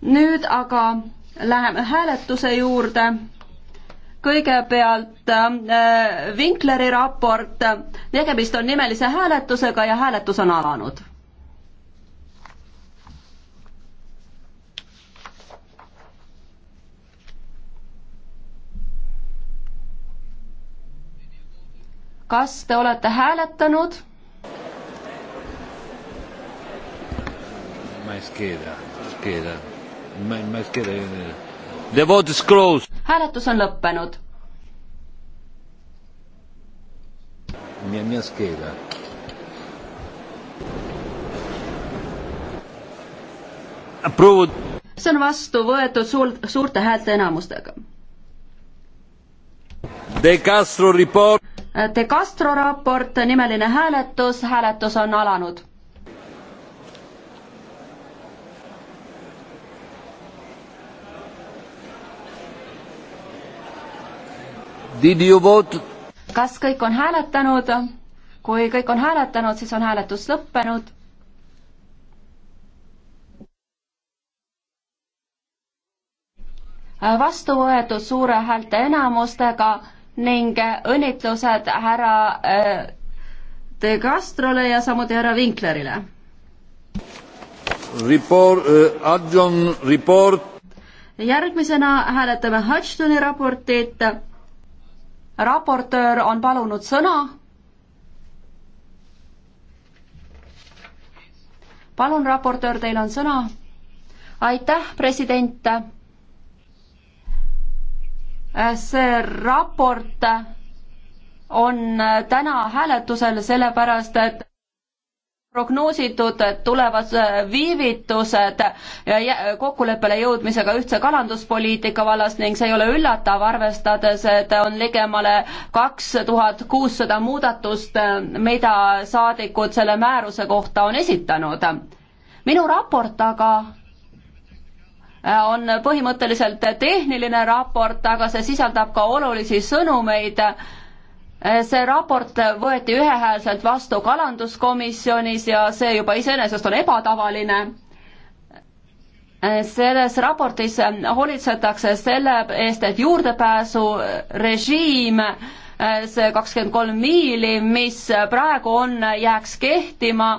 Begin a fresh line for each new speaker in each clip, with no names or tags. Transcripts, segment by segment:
nüüd aga läheme hääletuse juurde. kõigepealt äh, Winkleri raport, tegemist on nimelise hääletusega ja hääletus on alanud. kas te olete hääletanud? ma ei skeeda, skeeda ma, ma ei tea. The vote is closed. hääletus on lõppenud. mia, mia scheda. Approved. see on vastu võetud suur, suurte häälte enamustega. De Castro report. De Castro raport, nimeline hääletus, hääletus on alanud Did you vote? kas kõik on hääletanud? kui kõik on hääletanud, siis on hääletus lõppenud. vastu võetud suure häälte enamustega ning õnnitlused härra äh, De Castrole ja samuti härra Vinklerile. Report uh,, adjon report. järgmisena hääletame Hudgtoni raportit raportöör on palunud sõna. palun, raportöör, teil on sõna. aitäh, president. see raport on täna hääletusel, sellepärast et prognoositud tulevad äh, viivitused kokkuleppele jõudmisega ühtse kalanduspoliitika vallas ning see ei ole üllatav, arvestades, et on ligemale kaks tuhat kuussada muudatust, äh, mida saadikud selle määruse kohta on esitanud. minu raport aga äh, on põhimõtteliselt tehniline raport, aga see sisaldab ka olulisi sõnumeid Äh, see raport võeti ühehäälselt vastu kalanduskomisjonis ja see juba iseenesest on ebatavaline. Äh, selles raportis hoolitsetakse selle eest, et juurdepääsurežiim äh, see kakskümmend kolm miili, mis praegu on, jääks kehtima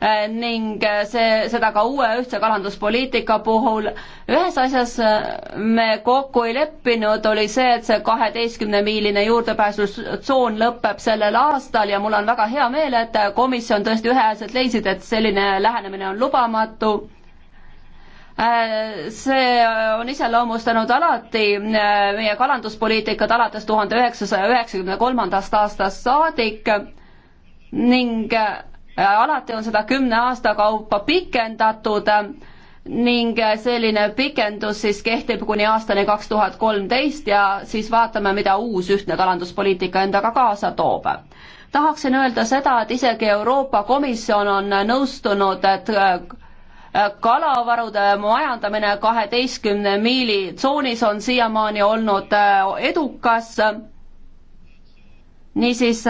Äh, ning äh, see, seda ka uue ühtse kalanduspoliitika puhul. ühes asjas äh, me kokku ei leppinud, oli see, et see kaheteistkümnemiiline juurdepääsutsoon lõpeb sellel aastal ja mul on väga hea meel, et komisjon tõesti ühehäälselt leisid, et selline lähenemine on lubamatu see on iseloomustanud alati meie kalanduspoliitikat alates tuhande üheksasaja üheksakümne kolmandast aastast saadik ning Äh, alati on seda kümne aasta kaupa pikendatud äh, ning äh, selline pikendus siis kehtib kuni aastani kaks tuhat kolmteist ja siis vaatame, mida uus ühtne kalanduspoliitika endaga kaasa toob. tahaksin öelda seda, et isegi Euroopa Komisjon on nõustunud, et kalavarude majandamine kaheteistkümne miili tsoonis on siiamaani olnud edukas. niisiis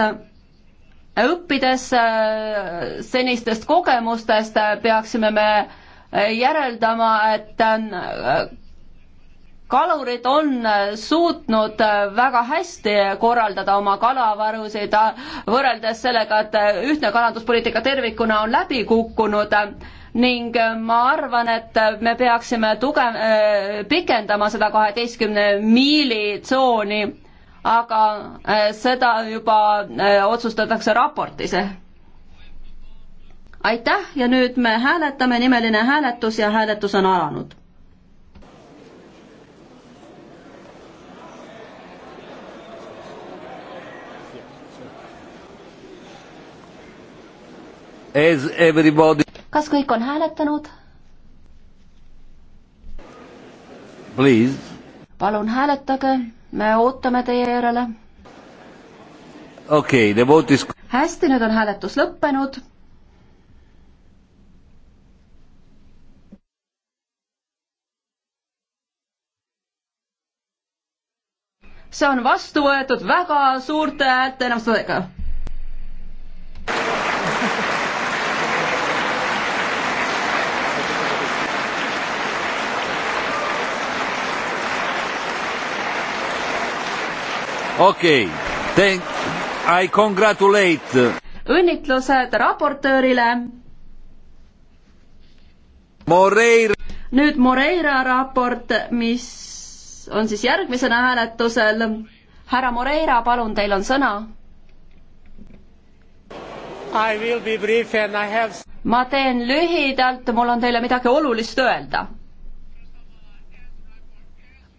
õppides äh, senistest kogemustest äh, peaksime me äh, järeldama, et kalurid on suutnud väga hästi korraldada oma kalavarusid, võrreldes sellega, et ühtne kalanduspoliitika tervikuna on läbi kukkunud ning ma arvan, et me peaksime tugev, pikendama seda kaheteistkümne miili tsooni aga äh, seda juba äh, otsustatakse raportis. Eh? aitäh ja nüüd me hääletame, nimeline hääletus ja hääletus on alanud. kas kõik on hääletanud? palun hääletage me ootame teie järele. okei okay,, the vote is hästi, nüüd on hääletus lõppenud. see on vastu võetud väga suurte häälteenamustega okei okay., I congratulate. õnnitlused raportöörile. Moreira. nüüd Moreira raport, mis on siis järgmisena hääletusel. härra Moreira, palun, teil on sõna. Have... ma teen lühidalt, mul on teile midagi olulist öelda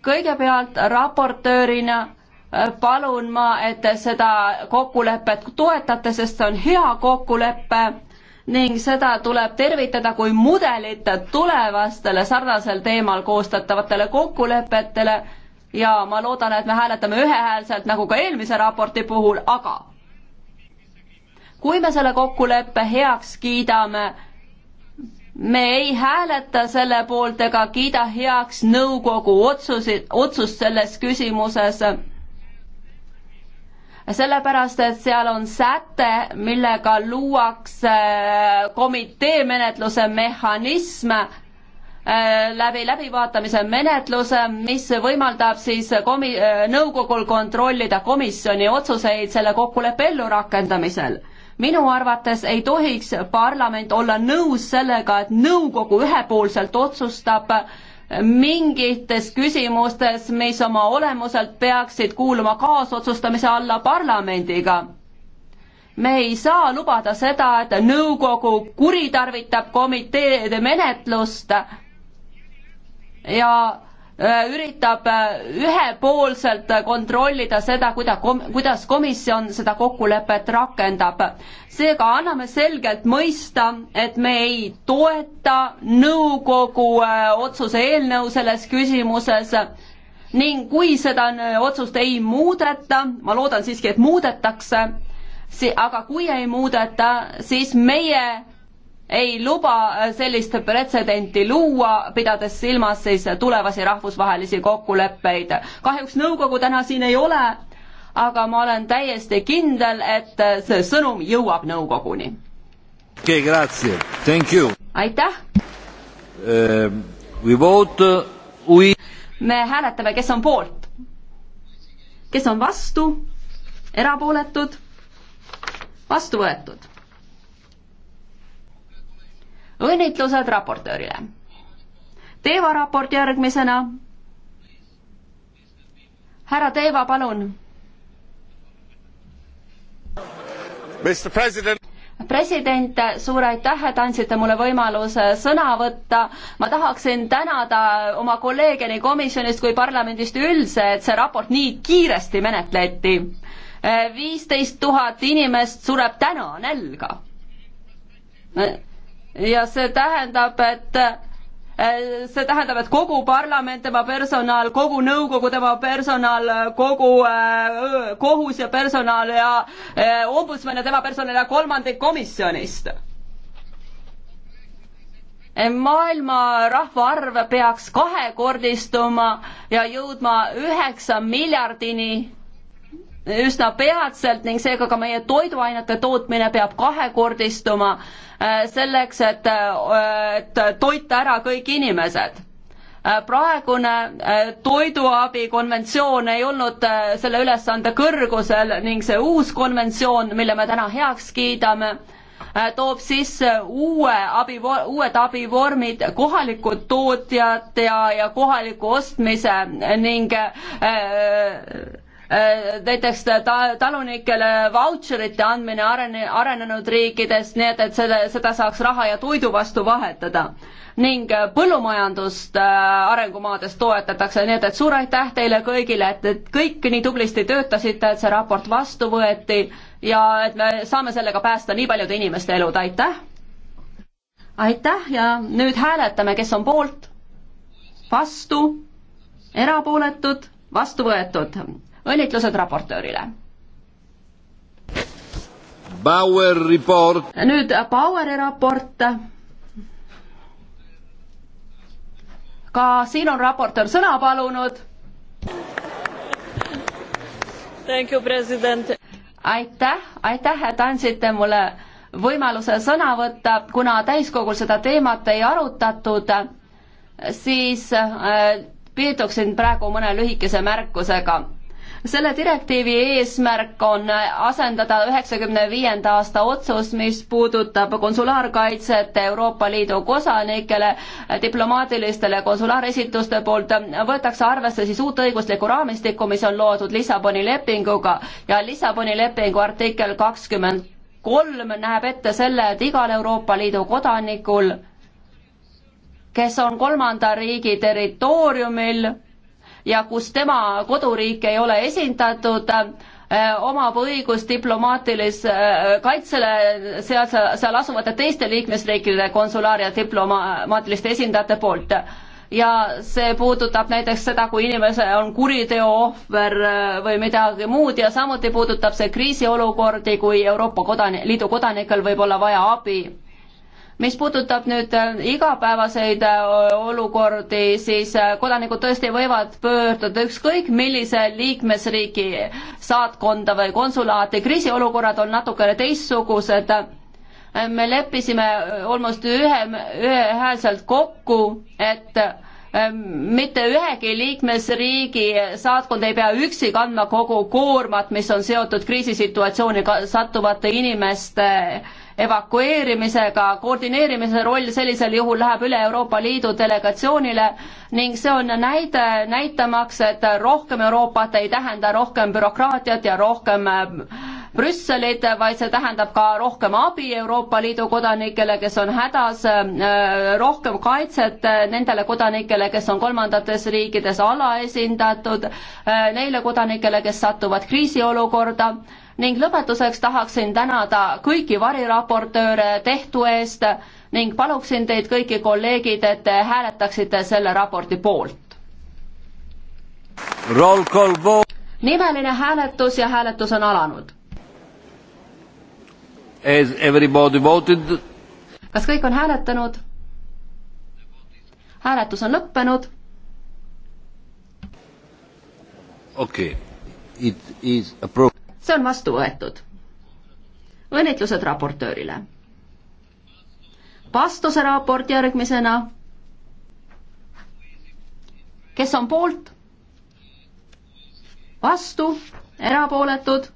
kõigepealt raportöörina palun ma, et te seda kokkulepet toetate, sest see on hea kokkulepe ning seda tuleb tervitada kui mudelit tulevastele sarnasel teemal koostatavatele kokkulepetele ja ma loodan, et me hääletame ühehäälselt nagu ka eelmise raporti puhul, aga kui me selle kokkuleppe heaks kiidame, me ei hääleta selle poolt ega kiida heaks nõukogu otsuseid, otsust selles küsimuses sellepärast et seal on säte, millega luuakse äh, komitee menetluse mehhanism äh, läbi läbivaatamise menetluse, mis võimaldab siis komi-, äh, nõukogul kontrollida komisjoni otsuseid selle kokkuleppe ellurakendamisel. minu arvates ei tohiks parlament olla nõus sellega, et nõukogu ühepoolselt otsustab äh, mingites küsimustes, mis oma olemuselt peaksid kuuluma kaasotsustamise alla parlamendiga. me ei saa lubada seda, et nõukogu kuritarvitab komiteede menetlust ja Äh, üritab äh, ühepoolselt äh, kontrollida seda, kuida-, kuidas komisjon seda kokkulepet rakendab. seega anname selgelt mõista, et me ei toeta nõukogu otsuse eelnõu selles küsimuses ning kui seda otsust ei muudeta, ma loodan siiski, et muudetakse, aga kui ei muudeta, siis meie ei luba äh, sellist pretsedenti luua, pidades silmas siis tulevasi rahvusvahelisi kokkuleppeid. kahjuks nõukogu täna siin ei ole, aga ma olen täiesti kindel, et äh, see sõnum jõuab nõukoguni. okei okay,, grazie, thank you. aitäh uh,. We vote uh,, we me hääletame, kes on poolt, kes on vastu, erapooletud, vastu võetud õnnitlused raportöörile. Teeva raport järgmisena. härra Teeva, palun. president, president, suur aitäh, et andsite mulle võimaluse sõna võtta. ma tahaksin tänada oma kolleege nii komisjonist kui parlamendist üldse, et see raport nii kiiresti menetleti. viisteist tuhat inimest sureb täna nälga ja see tähendab, et eh, see tähendab, et kogu parlament, tema personal, kogu nõukogu, tema personal, kogu eh, kohus ja personal ja eh, ombudsman ja tema personal ja kolmandik komisjonist maailma rahvaarv peaks kahekordistuma ja jõudma üheksa miljardini üsna peatselt ning seega ka meie toiduainete tootmine peab kahekordistuma äh, selleks, et, äh, et toita ära kõik inimesed. Äh, praegune toiduabi konventsioon ei olnud selle ülesande kõrgusel ning see uus konventsioon, mille me täna heaks kiidame, toob sisse uue abi, uued abivormid, kohalikud tootjad ja, ja kohaliku ostmise ning äh, Äh, näiteks ta-, talunikele vautšerite andmine arene-, arenenud riikides, nii et, et selle, seda saaks raha ja toidu vastu vahetada. ning äh, põllumajandust äh, arengumaades toetatakse, nii et, et suur aitäh teile kõigile, et, et kõik nii tublisti töötasite, et see raport vastu võeti ja et me saame sellega päästa nii paljude inimeste elud, aitäh! aitäh ja nüüd hääletame, kes on poolt, vastu, erapooletud, vastu võetud õnnitlused raportöörile. Bauer report. nüüd Baueri raport. ka siin on raportöör sõna palunud. Thank you, president. aitäh, aitäh, et andsite mulle võimaluse sõna võtta, kuna täiskogul seda teemat ei arutatud, siis äh, piirduksin praegu mõne lühikese märkusega selle direktiivi eesmärk on asendada üheksakümne viienda aasta otsus, mis puudutab konsulaarkaitset Euroopa Liidu kodanikele, diplomaatilistele konsulaaresituste poolt, võetakse arvesse siis uut õiguslikku raamistikku, mis on loodud Lissaboni lepinguga ja Lissaboni lepingu artikkel kakskümmend kolm näeb ette selle, et igal Euroopa Liidu kodanikul, kes on kolmanda riigi territooriumil, ja kus tema koduriik ei ole esindatud, äh, omab õigus diplomaatilise äh, kaitsele seal, seal asuvate teiste liikmesriikide konsulaar- ja diplomaatiliste esindajate poolt ja see puudutab näiteks seda, kui inimese on kuriteo ohver äh, või midagi muud ja samuti puudutab see kriisiolukordi, kui Euroopa kodan-, Liidu kodanikel võib olla vaja abi mis puudutab nüüd äh, igapäevaseid äh, olukordi, siis äh, kodanikud tõesti võivad pöörduda ükskõik millise liikmesriigi saatkonda või konsulaati, kriisiolukorrad on natukene teistsugused. me leppisime almost ühe, ühehäälselt kokku, et Ehm, mitte ühegi liikmesriigi saatkond ei pea üksi kandma kogu koormat, mis on seotud kriisisituatsiooni sattuvate inimeste evakueerimisega, koordineerimise roll sellisel juhul läheb üle Euroopa Liidu delegatsioonile ning see on näide, näitamaks, et rohkem Euroopat ei tähenda rohkem bürokraatiat ja rohkem äh, Brüsselit, vaid see tähendab ka rohkem abi Euroopa Liidu kodanikele, kes on hädas, äh, rohkem kaitset äh, nendele kodanikele, kes on kolmandates riikides alaesindatud, äh, neile kodanikele, kes satuvad kriisiolukorda ning lõpetuseks tahaksin tänada kõiki variraportööre tehtu eest ning paluksin teid kõiki kolleegid, et te hääletaksite selle raporti poolt. nimeline hääletus ja hääletus on alanud Has everybody voted? kas kõik on hääletanud? hääletus on lõppenud. okei okay., it is approved. see on vastu võetud. õnnitlused raportöörile. vastuse raport järgmisena. kes on poolt? vastu, erapooletud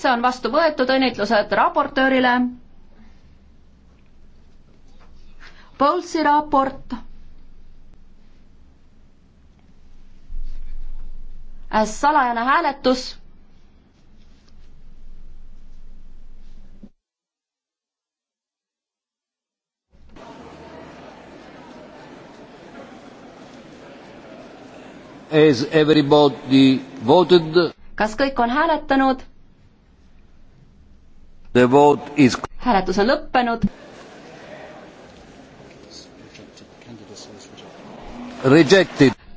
see on vastu võetud, õnnitlused raportöörile. Paulsi raport. Äh, salajane hääletus. Has everybody voted? kas kõik on hääletanud? Is... hääletus on lõppenud.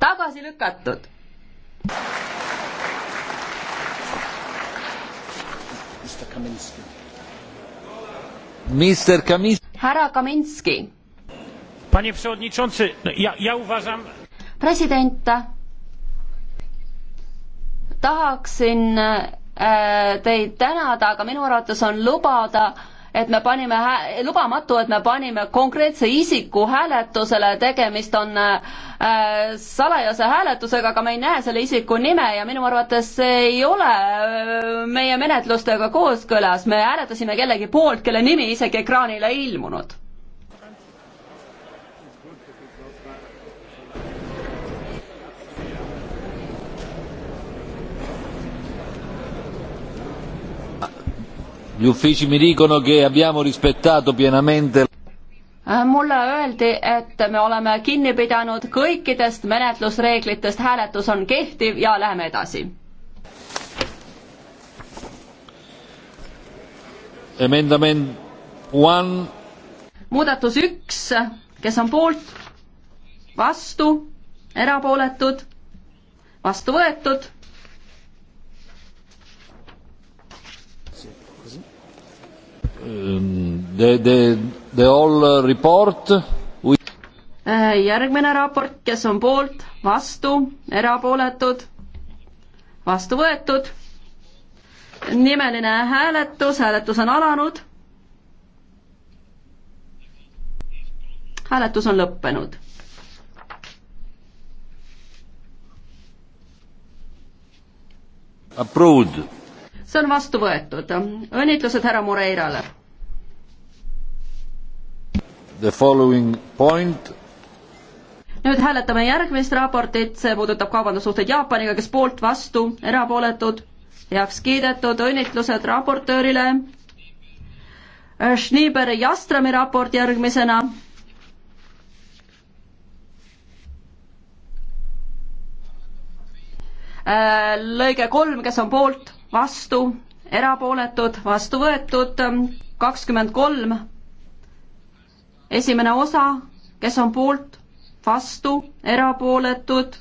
tagasi lükatud. härra Kaminski. president, tahaksin Äh, teid tänada, aga minu arvates on lubada, et me panime, lubamatu, et me panime konkreetse isiku hääletusele, tegemist on äh, salajase hääletusega, aga me ei näe selle isiku nime ja minu arvates see ei ole äh, meie menetlustega kooskõlas, me hääletasime kellegi poolt, kelle nimi isegi ekraanile ei ilmunud Gli uffici mi dicono che abbiamo rispettato pienamente äh, mulle öeldi, et me oleme kinni pidanud kõikidest menetlusreeglitest, hääletus on kehtiv ja läheme edasi. Amendment one. muudatus üks, kes on poolt, vastu, erapooletud, vastu võetud Um, the, the, the all uh, report we.... Äh, järgmine raport, kes on poolt, vastu, erapooletud, vastu võetud. nimeline hääletus, hääletus on alanud. hääletus on lõppenud approved see on vastu võetud. õnnitlused härra Moreirale. The following point. nüüd hääletame järgmist raportit, see puudutab kaubandussuhteid Jaapaniga, kes poolt, vastu, erapooletud, heaks kiidetud, õnnitlused raportöörile. Schneeber Jastrami raport järgmisena äh, lõige kolm, kes on poolt, vastu, erapooletud, vastu võetud, kakskümmend kolm, esimene osa, kes on poolt, vastu, erapooletud,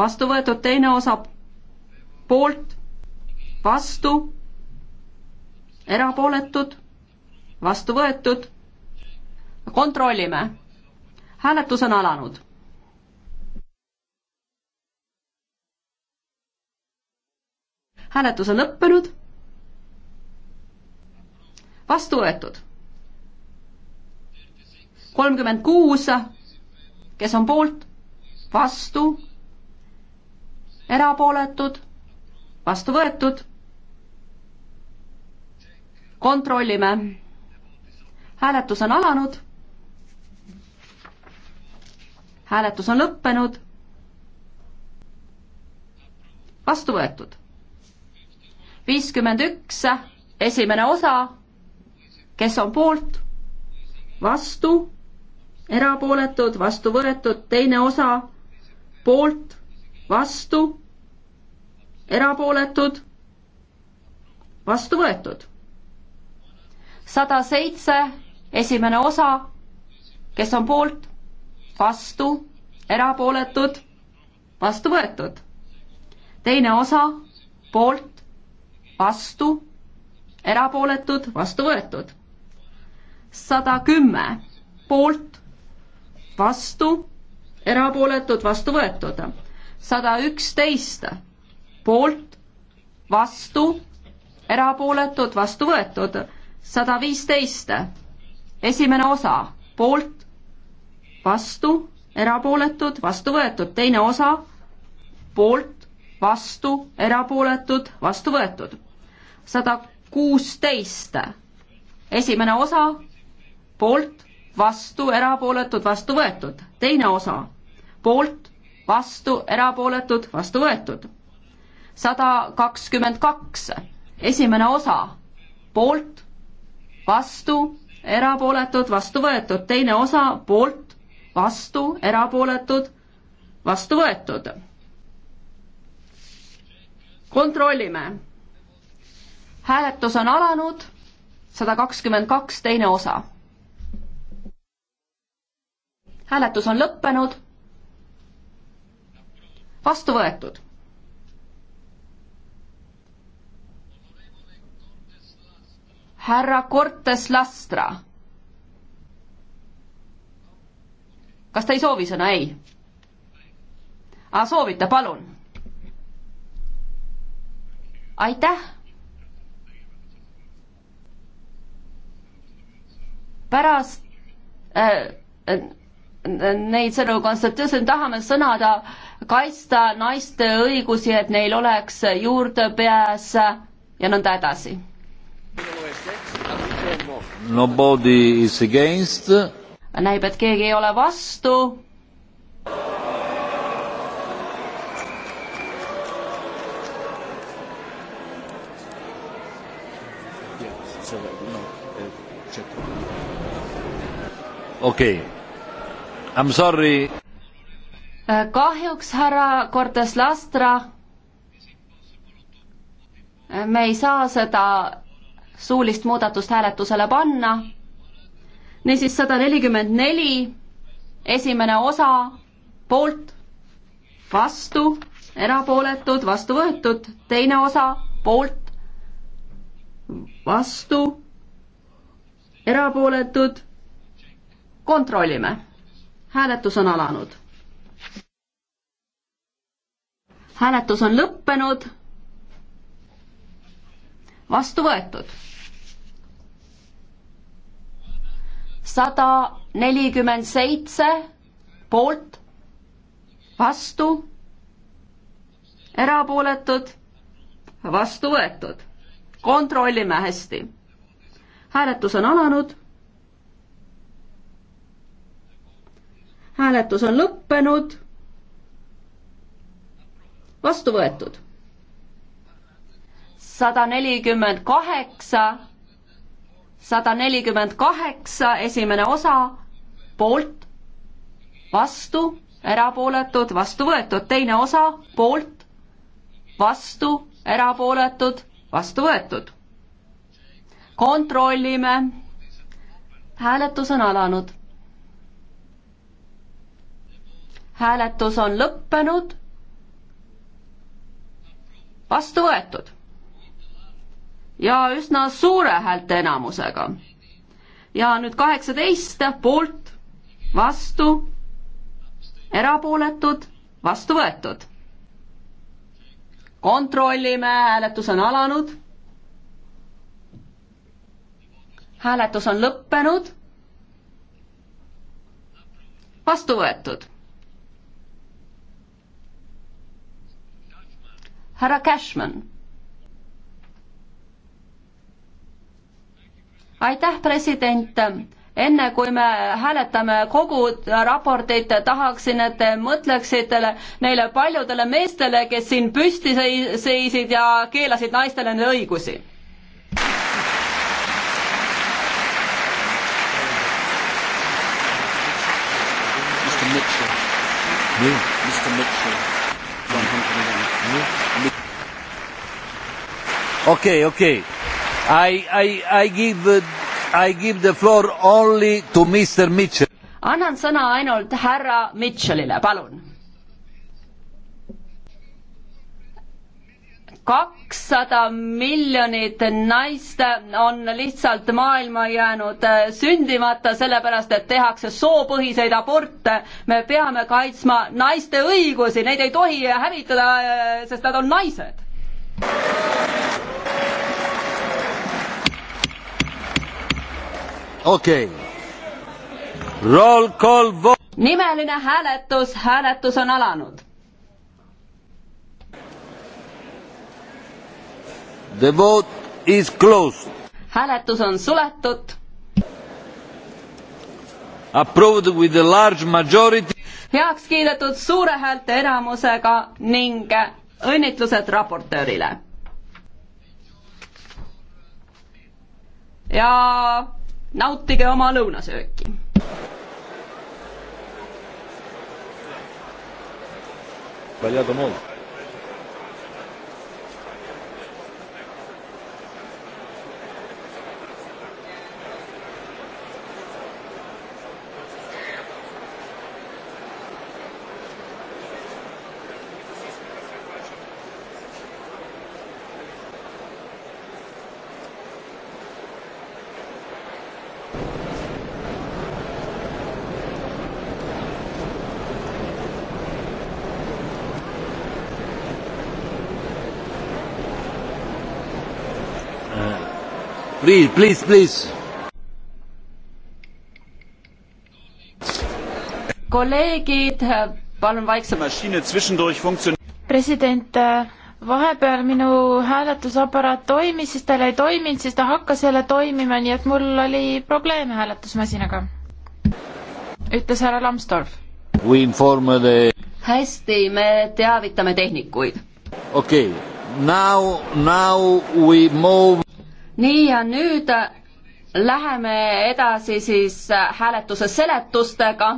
vastu võetud, teine osa poolt, vastu, erapooletud, vastu võetud, kontrollime. hääletus on alanud hääletus on lõppenud. vastu võetud. kolmkümmend kuus, kes on poolt, vastu, erapooletud, vastu võetud. kontrollime. hääletus on alanud. hääletus on lõppenud. vastu võetud viiskümmend üks, esimene osa, kes on poolt, vastu, erapooletud, vastu võetud, teine osa, poolt, vastu, erapooletud, vastu võetud. sada seitse, esimene osa, kes on poolt, vastu, erapooletud, vastu võetud. teine osa, poolt, vastu, erapooletud, vastu võetud. sada kümme poolt, vastu, erapooletud, vastu võetud. sada üksteist poolt, vastu, erapooletud, vastu võetud. sada viisteist, esimene osa, poolt, vastu, erapooletud, vastu võetud, teine osa, poolt, vastu, erapooletud, vastu võetud sada kuusteist. esimene osa poolt, vastu, erapooletud, vastu võetud. teine osa poolt, vastu, erapooletud, vastu võetud. sada kakskümmend kaks. esimene osa poolt, vastu, erapooletud, vastu võetud. teine osa poolt, vastu, erapooletud, vastu võetud. kontrollime hääletus on alanud, sada kakskümmend kaks, teine osa. hääletus on lõppenud. vastu võetud. härra Cortes Lastra. kas te ei soovi sõna, ei? soovite, palun. aitäh pärast äh, äh, neid sõnu konstitutsioon tahame sõnada kaitsta naiste õigusi, et neil oleks juurdepääs ja nõnda edasi. näib, et keegi ei ole vastu okei okay., I m sorry. Äh, kahjuks, härra Cortes Lastra, äh, me ei saa seda suulist muudatust hääletusele panna. niisiis sada nelikümmend neli, esimene osa, poolt, vastu, erapooletud, vastu võetud, teine osa, poolt, vastu, erapooletud kontrollime. hääletus on alanud. hääletus on lõppenud. vastu võetud. sada nelikümmend seitse poolt, vastu, erapooletud, vastu võetud. kontrollime hästi. hääletus on alanud hääletus on lõppenud. vastu võetud. sada nelikümmend kaheksa, sada nelikümmend kaheksa, esimene osa, poolt, vastu, erapooletud, vastu võetud, teine osa, poolt, vastu, erapooletud, vastu võetud. kontrollime. hääletus on alanud. hääletus on lõppenud. vastu võetud. ja üsna suure häälteenamusega. ja nüüd kaheksateist poolt, vastu, erapooletud, vastu võetud. kontrollime, hääletus on alanud. hääletus on lõppenud. vastu võetud härra Cashman. aitäh, president enne kui me hääletame kogu raportit, tahaksin, et te mõtleksite neile paljudele meestele, kes siin püsti seisid ja keelasid naistele nende õigusi. Mr. Mitchell. Mr. Mitchell. Okay, okay. I, I, I give, I give the floor only to Mr Mitchell. annan sõna ainult härra Mitchellile, palun. kakssada miljonit naist on lihtsalt maailma jäänud äh, sündimata, sellepärast et tehakse soopõhiseid aborte. me peame kaitsma naiste õigusi, neid ei tohi hävitada, äh, sest nad on naised. okei okay.. Roll call vote. nimeline hääletus, hääletus on alanud. The vote is closed. hääletus on suletud. Approved with a large majority. heaks kiidetud suure häälte enamusega ning õnnitlused raportöörile. ja nautige oma lõunasööki. Sbagliato molto. Please, please, please. kolleegid, palun vaiksemalt. president, äh, vahepeal minu hääletusaparaat toimis, siis tal ei toiminud, siis ta hakkas jälle toimima, nii et mul oli probleem hääletusmasinaga. ütles härra Lambsdorff. The... hästi, me teavitame tehnikuid. okei okay., now, now we move nii ja nüüd läheme edasi siis hääletuse seletustega